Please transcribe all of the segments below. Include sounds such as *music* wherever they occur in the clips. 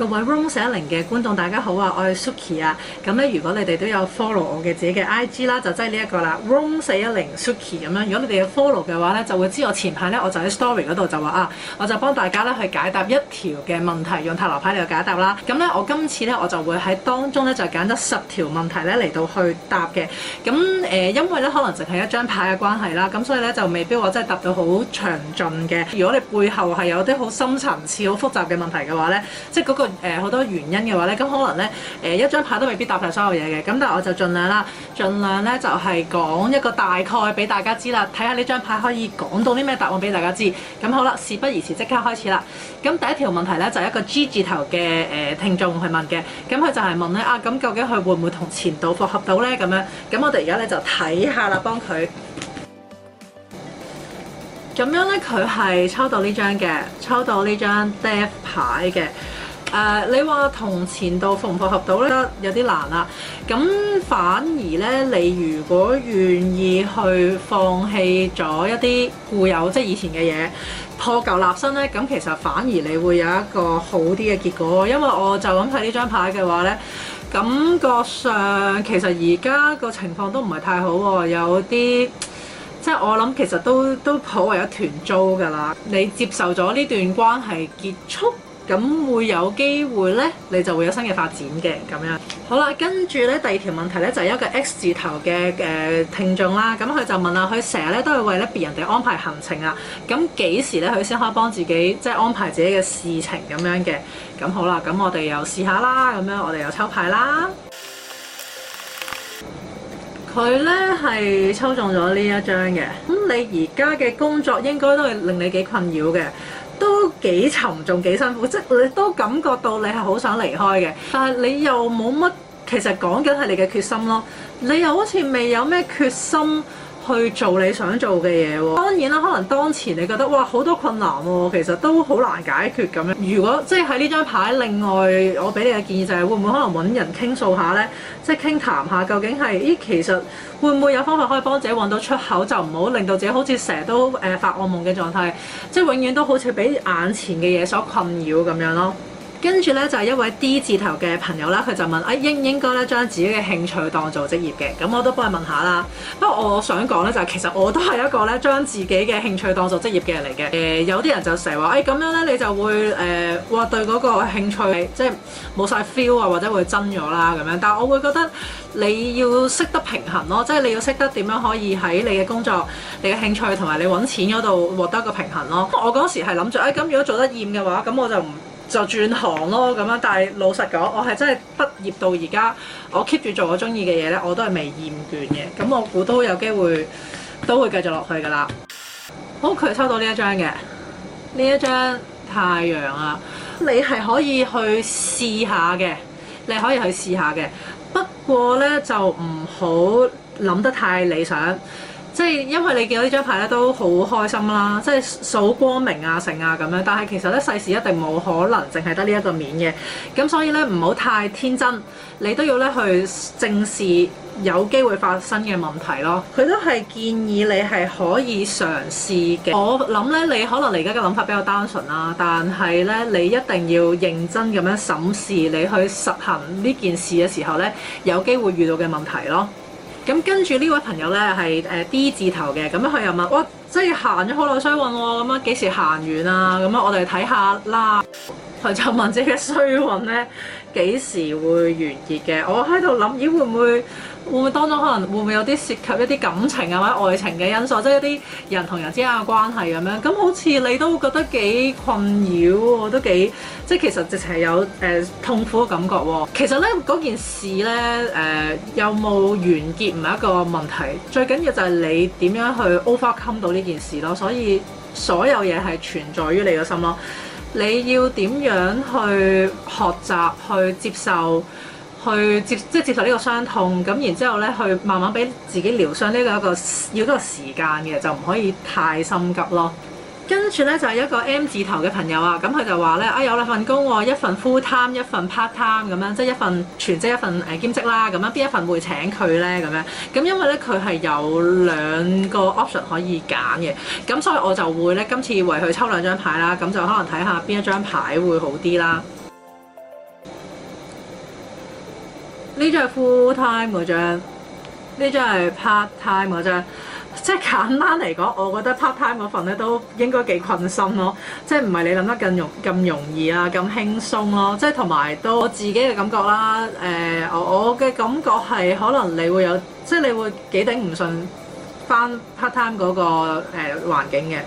各位 Room 四一零嘅觀眾，大家好啊！我係 Suki 啊，咁咧如果你哋都有 follow 我嘅自己嘅 IG 啦，就即係呢一個啦，Room 四一零 Suki 咁樣。如果你哋要 follow 嘅話咧，就會知我前排咧我就喺 story 嗰度就話啊，我就幫大家咧去解答一條嘅問題，用塔羅牌嚟到解答啦。咁咧我今次咧我就會喺當中咧就揀咗十條問題咧嚟到去答嘅。咁誒、呃，因為咧可能淨係一張牌嘅關係啦，咁所以咧就未必話真係答到好詳盡嘅。如果你背後係有啲好深層次、好複雜嘅問題嘅話咧，即係、那、嗰個。誒好、呃、多原因嘅話咧，咁可能咧誒、呃、一張牌都未必答晒所有嘢嘅。咁但係我就盡量啦，盡量咧就係、是、講一個大概俾大家知啦，睇下呢張牌可以講到啲咩答案俾大家知。咁好啦，事不宜遲，即刻開始啦。咁第一條問題咧就係、一個 G 字頭嘅誒、呃、聽眾去問嘅。咁佢就係問咧啊，咁究竟佢會唔會同前度復合到咧？咁樣，咁我哋而家咧就睇下啦，幫佢。咁樣咧，佢係抽到呢張嘅，抽到呢張 death 牌嘅。誒，uh，你話同前度復唔復合到咧？有啲難啦。咁反而咧，你如果願意去放棄咗一啲固有即係以前嘅嘢，破舊立新咧，咁其實反而你會有一個好啲嘅結果。因為我就諗睇呢張牌嘅話咧，感覺上其實而家個情況都唔係太好喎，有啲即係我諗其實都都頗為一團糟㗎啦。你接受咗呢段關係結束。咁會有機會呢，你就會有新嘅發展嘅咁樣。好啦，跟住呢，第二條問題呢，就係一個 X 字頭嘅誒聽眾啦。咁佢就問啊，佢成日呢都係為咧別人哋安排行程啊。咁幾時呢，佢先可以幫自己即係安排自己嘅事情咁樣嘅？咁好啦，咁我哋又試下啦。咁樣我哋又抽牌啦。佢呢係抽中咗呢一張嘅。咁你而家嘅工作應該都係令你幾困擾嘅。都幾沉重，幾辛苦，即係你都感覺到你係好想離開嘅，但係你又冇乜，其實講緊係你嘅決心囉，你又好似未有咩決心。去做你想做嘅嘢喎，當然啦，可能當前你覺得哇好多困難喎、哦，其實都好難解決咁樣。如果即係喺呢張牌，另外我俾你嘅建議就係、是、會唔會可能揾人傾訴下呢？即係傾談，談下究竟係咦？其實會唔會有方法可以幫自己揾到出口，就唔好令到自己好似成日都誒、呃、發惡夢嘅狀態，即係永遠都好似俾眼前嘅嘢所困擾咁樣咯。跟住呢，就係、是、一位 D 字頭嘅朋友啦，佢就問：誒、哎、應唔應該咧將自己嘅興趣當做職業嘅？咁我都幫佢問下啦。不過我想講呢、就是，就係其實我都係一個咧將自己嘅興趣當做職業嘅人嚟嘅。誒、呃、有啲人就成日話誒咁樣呢，你就會誒話、呃、對嗰個興趣即係冇晒 feel 啊，或者會憎咗啦咁樣。但係我會覺得你要識得平衡咯，即係你要識得點樣可以喺你嘅工作、你嘅興趣同埋你揾錢嗰度獲得一個平衡咯。我嗰時係諗住誒，咁、哎、如果做得厭嘅話，咁我就唔。就轉行咯咁樣，但係老實講，我係真係畢業到而家，我 keep 住做我中意嘅嘢呢，我都係未厭倦嘅。咁我估都有機會都會繼續落去㗎啦。好，佢抽到呢一張嘅呢一張太陽啊，你係可以去試下嘅，你可以去試下嘅。不過呢，就唔好諗得太理想。即係因為你見到呢張牌咧，都好開心啦，即係數光明啊、盛啊咁樣。但係其實咧，世事一定冇可能淨係得呢一個面嘅。咁所以咧，唔好太天真，你都要咧去正視有機會發生嘅問題咯。佢都係建議你係可以嘗試嘅。我諗咧，你可能你而家嘅諗法比較單純啦，但係咧，你一定要認真咁樣審視你去實行呢件事嘅時候咧，有機會遇到嘅問題咯。咁跟住呢位朋友呢係誒 D 字頭嘅，咁佢又問我，真係行咗好耐衰運喎，咁啊幾時行完啊？咁啊我哋睇下啦。佢就問自己衰運呢，幾時會完結嘅？我喺度諗，咦會唔會？會唔會當中可能會唔會有啲涉及一啲感情啊或者愛情嘅因素，即係一啲人同人之間嘅關係咁樣，咁好似你都覺得幾困擾，我都幾即係其實直情係有誒、呃、痛苦嘅感覺。其實呢，嗰件事呢，誒、呃、有冇完結唔係一個問題，最緊要就係你點樣去 overcome 到呢件事咯。所以所有嘢係存在於你嘅心咯，你要點樣去學習去接受？去接即係接受呢個傷痛，咁然之後咧，去慢慢俾自己療傷呢個一個要一個時間嘅，就唔可以太心急咯。跟住咧就係一個 M 字頭嘅朋友啊，咁佢就話咧啊有兩份工喎，一份 full time，一份 part time 咁樣，即係一份全職，一份誒兼職啦，咁樣邊一份會請佢呢？咁樣咁因為咧佢係有兩個 option 可以揀嘅，咁所以我就會咧今次為佢抽兩張牌啦，咁就可能睇下邊一張牌會好啲啦。呢張係 full time 嗰張，呢張係 part time 嗰張。即係簡單嚟講，我覺得 part time 嗰份咧都應該幾困心咯。即係唔係你諗得咁容咁容易啊，咁輕鬆咯。即係同埋都我自己嘅感覺啦。誒、呃，我嘅感覺係可能你會有，即係你會幾頂唔順翻 part time 嗰個誒環境嘅。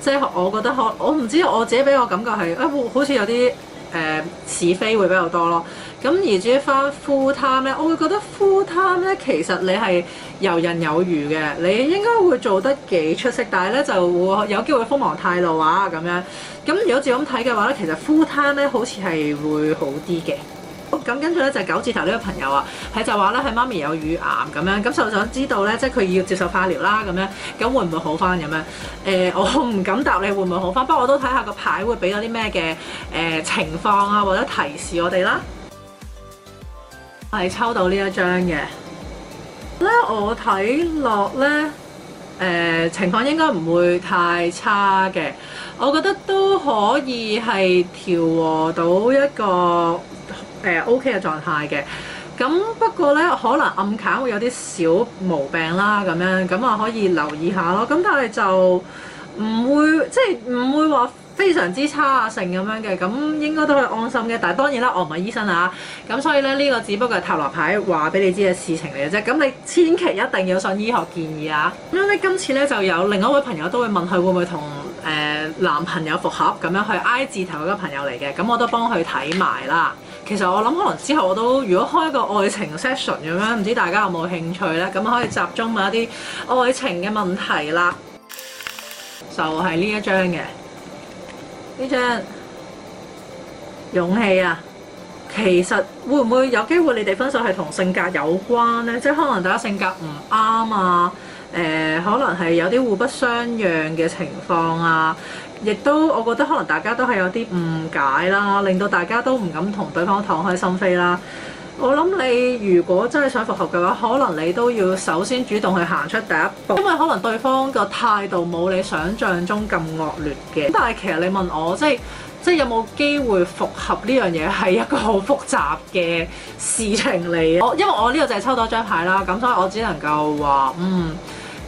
即係我覺得可，我唔知我自己俾我感覺係啊、哎，好似有啲。誒、呃、是非會比較多咯，咁而至於返 full time 咧，我會覺得 full time 咧其實你係游刃有餘嘅，你應該會做得幾出色，但係咧就會有機會鋒芒態度啊。咁樣，咁如果照咁睇嘅話咧，其實 full time 咧好似係會好啲嘅。咁跟住咧就九字頭呢個朋友啊，佢就話咧佢媽咪有乳癌咁樣，咁就想知道咧即係佢要接受化療啦咁樣，咁會唔會好返咁樣？誒、呃，我唔敢答你會唔會好返，不過我都睇下個牌會俾咗啲咩嘅誒情況啊，或者提示我哋啦。係 *music* 抽到呢一張嘅，咧我睇落咧誒情況應該唔會太差嘅，我覺得都可以係調和到一個。誒 OK 嘅狀態嘅，咁不過呢，可能暗卡會有啲小毛病啦，咁樣咁啊可以留意下咯。咁但係就唔會即係唔會話非常之差啊，成咁樣嘅，咁應該都可以安心嘅。但係當然啦，我唔係醫生啊，咁所以呢，呢、這個只不過係塔羅牌話俾你知嘅事情嚟嘅啫。咁你千祈一定要信醫學建議啊。咁樣咧，今次呢，就有另一位朋友都會問佢會唔會同誒、呃、男朋友復合咁樣去 I 字頭嗰個朋友嚟嘅，咁我都幫佢睇埋啦。其實我諗可能之後我都如果開個愛情 session 咁樣，唔知大家有冇興趣呢？咁可以集中問一啲愛情嘅問題啦。就係呢一張嘅呢張勇氣啊，其實會唔會有機會你哋分手係同性格有關呢？即係可能大家性格唔啱啊，誒、呃、可能係有啲互不相讓嘅情況啊。亦都，我覺得可能大家都係有啲誤解啦，令到大家都唔敢同對方敞開心扉啦。我諗你如果真係想復合嘅話，可能你都要首先主動去行出第一步，因為可能對方個態度冇你想象中咁惡劣嘅。但係其實你問我，即係即係有冇機會復合呢樣嘢係一個好複雜嘅事情嚟嘅。我因為我呢個就係抽到一張牌啦，咁所以我只能夠話嗯。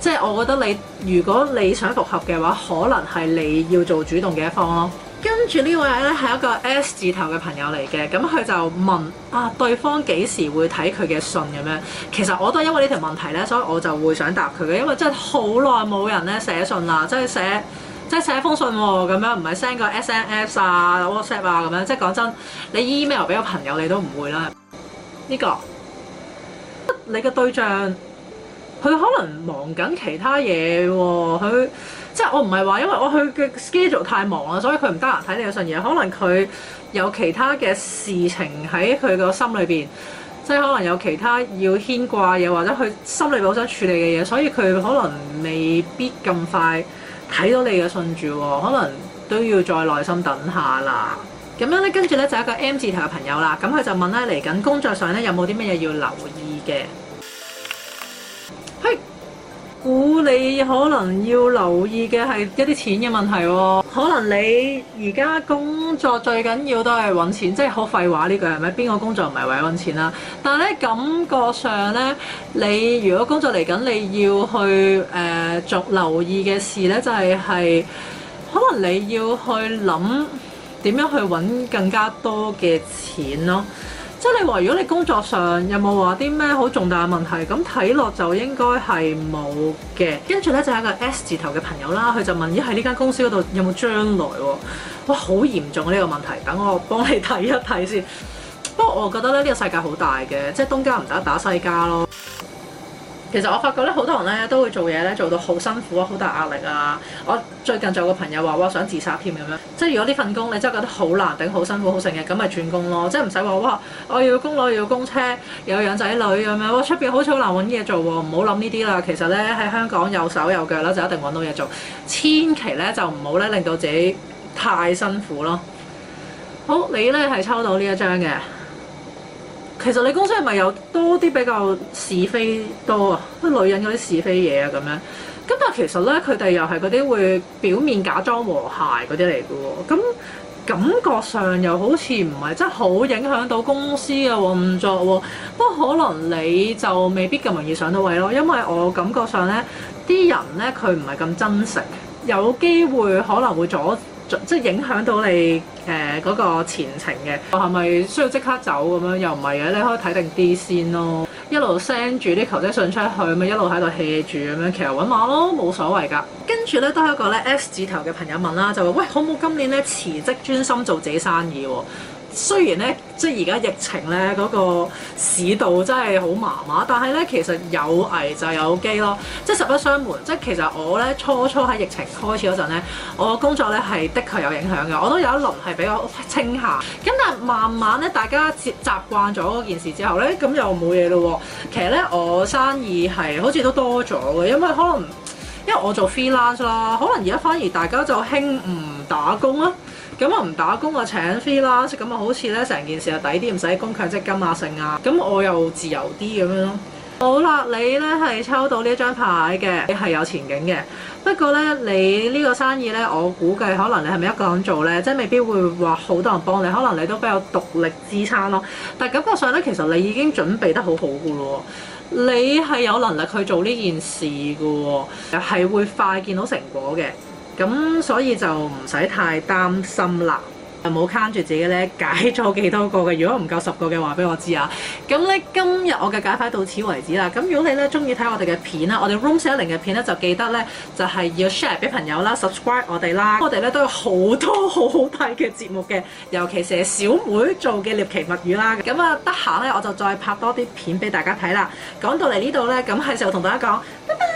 即係我覺得你如果你想復合嘅話，可能係你要做主動嘅一方咯。跟住呢位咧係一個 S 字頭嘅朋友嚟嘅，咁佢就問啊對方幾時會睇佢嘅信咁樣？其實我都因為呢條問題咧，所以我就會想答佢嘅，因為真係好耐冇人咧寫信啦，即係寫即係寫封信咁樣，唔係 send 個 SNS 啊、WhatsApp 啊咁樣。即係講真，你 email 俾個朋友你都唔會啦。呢、呢個你嘅對象。佢可能忙緊其他嘢喎、哦，佢即係我唔係話因為我佢嘅 schedule 太忙啦，所以佢唔得閒睇你嘅信嘢。可能佢有其他嘅事情喺佢個心裏邊，即係可能有其他要牽掛嘢，或者佢心裏邊好想處理嘅嘢，所以佢可能未必咁快睇到你嘅信住，可能都要再耐心等下啦。咁樣咧，跟住咧就係、一個 M 字頭嘅朋友啦，咁佢就問咧嚟緊工作上咧有冇啲咩嘢要留意嘅？你可能要留意嘅係一啲錢嘅問題喎、哦，可能你而家工作最緊要都係揾錢，即係好廢話呢句係咪？邊個工作唔係為咗揾錢啦、啊？但係咧感覺上咧，你如果工作嚟緊，你要去誒逐、呃、留意嘅事咧，就係、是、係可能你要去諗點樣去揾更加多嘅錢咯。即係你話，如果你工作上有冇話啲咩好重大嘅問題，咁睇落就應該係冇嘅。跟住呢，就係、係、一個 S 字頭嘅朋友啦，佢就問，咦，喺、呃、呢間公司嗰度有冇將來喎？哇，好嚴重嘅呢個問題，等我幫你睇一睇先。不過我覺得咧，呢、呢個世界好大嘅，即係東家唔打打西家咯。其實我發覺咧，好多人咧都會做嘢咧，做到好辛苦啊，好大壓力啊。我最近就有個朋友話，我想自殺添咁樣。即係如果呢份工你真係覺得好難頂、好辛苦、好成日，咁咪轉工咯。即係唔使話，哇！我要供樓，要供車，有養仔女咁樣。哇！出邊好彩好難揾嘢做喎，唔好諗呢啲啦。其實咧，喺香港有手有腳啦，就一定揾到嘢做。千祈咧就唔好咧令到自己太辛苦咯。好，你咧係抽到呢一張嘅。其實你公司係咪有多啲比較是非多是非啊？女人嗰啲是非嘢啊咁樣，咁但係其實咧，佢哋又係嗰啲會表面假裝和諧嗰啲嚟嘅喎，咁、嗯、感覺上又好似唔係真係好影響到公司嘅運作喎。不過可能你就未必咁容易上到位咯，因為我感覺上咧啲人咧佢唔係咁真實，有機會可能會阻。即係影響到你誒嗰、呃那個前程嘅，係咪需要即刻走咁樣？又唔係嘅，你可以睇定啲先咯。一路 send 住啲求職信出去，咪一路喺度 hea 住咁樣，其實揾馬咯，冇所謂㗎。跟住咧都係一個咧 S 字頭嘅朋友問啦，就話喂，好唔好今年咧辭職專心做自己生意？雖然咧，即係而家疫情咧嗰個市道真係好麻麻，但係咧其實有危就有機咯，即係實不相瞞。即係其實我咧初初喺疫情開始嗰陣咧，我工作咧係的確有影響嘅，我都有一輪係比較清閒。咁但係慢慢咧，大家接習慣咗件事之後咧，咁又冇嘢咯。其實咧，我生意係好似都多咗嘅，因為可能因為我做 freelance 啦，可能而家反而大家就興唔打工啦。咁我唔打工我請 free 啦，咁啊好似咧成件事啊抵啲，唔使供強積金啊剩啊，咁我又自由啲咁樣咯。好啦，你咧係抽到呢張牌嘅，你係有前景嘅。不過咧，你呢個生意咧，我估計可能你係咪一個人做咧？即係未必會話好多人幫你，可能你都比較獨立支撐咯。但感覺上咧，其實你已經準備得好好嘅咯，你係有能力去做呢件事嘅，係會快見到成果嘅。咁所以就唔使太擔心啦，冇攤住自己咧，解咗幾多個嘅？如果唔夠十個嘅話，俾我知啊！咁咧今日我嘅解牌到此為止啦。咁如果你咧中意睇我哋嘅片啦，我哋 Room 四一零嘅片咧就記得咧就係要 share 俾朋友啦，subscribe 我哋啦，我哋咧都有好多好好睇嘅節目嘅，尤其是小妹做嘅《獵奇物語》啦。咁啊，得閒咧我就再拍多啲片俾大家睇啦。講到嚟呢度咧，咁係時候同大家講。拜拜。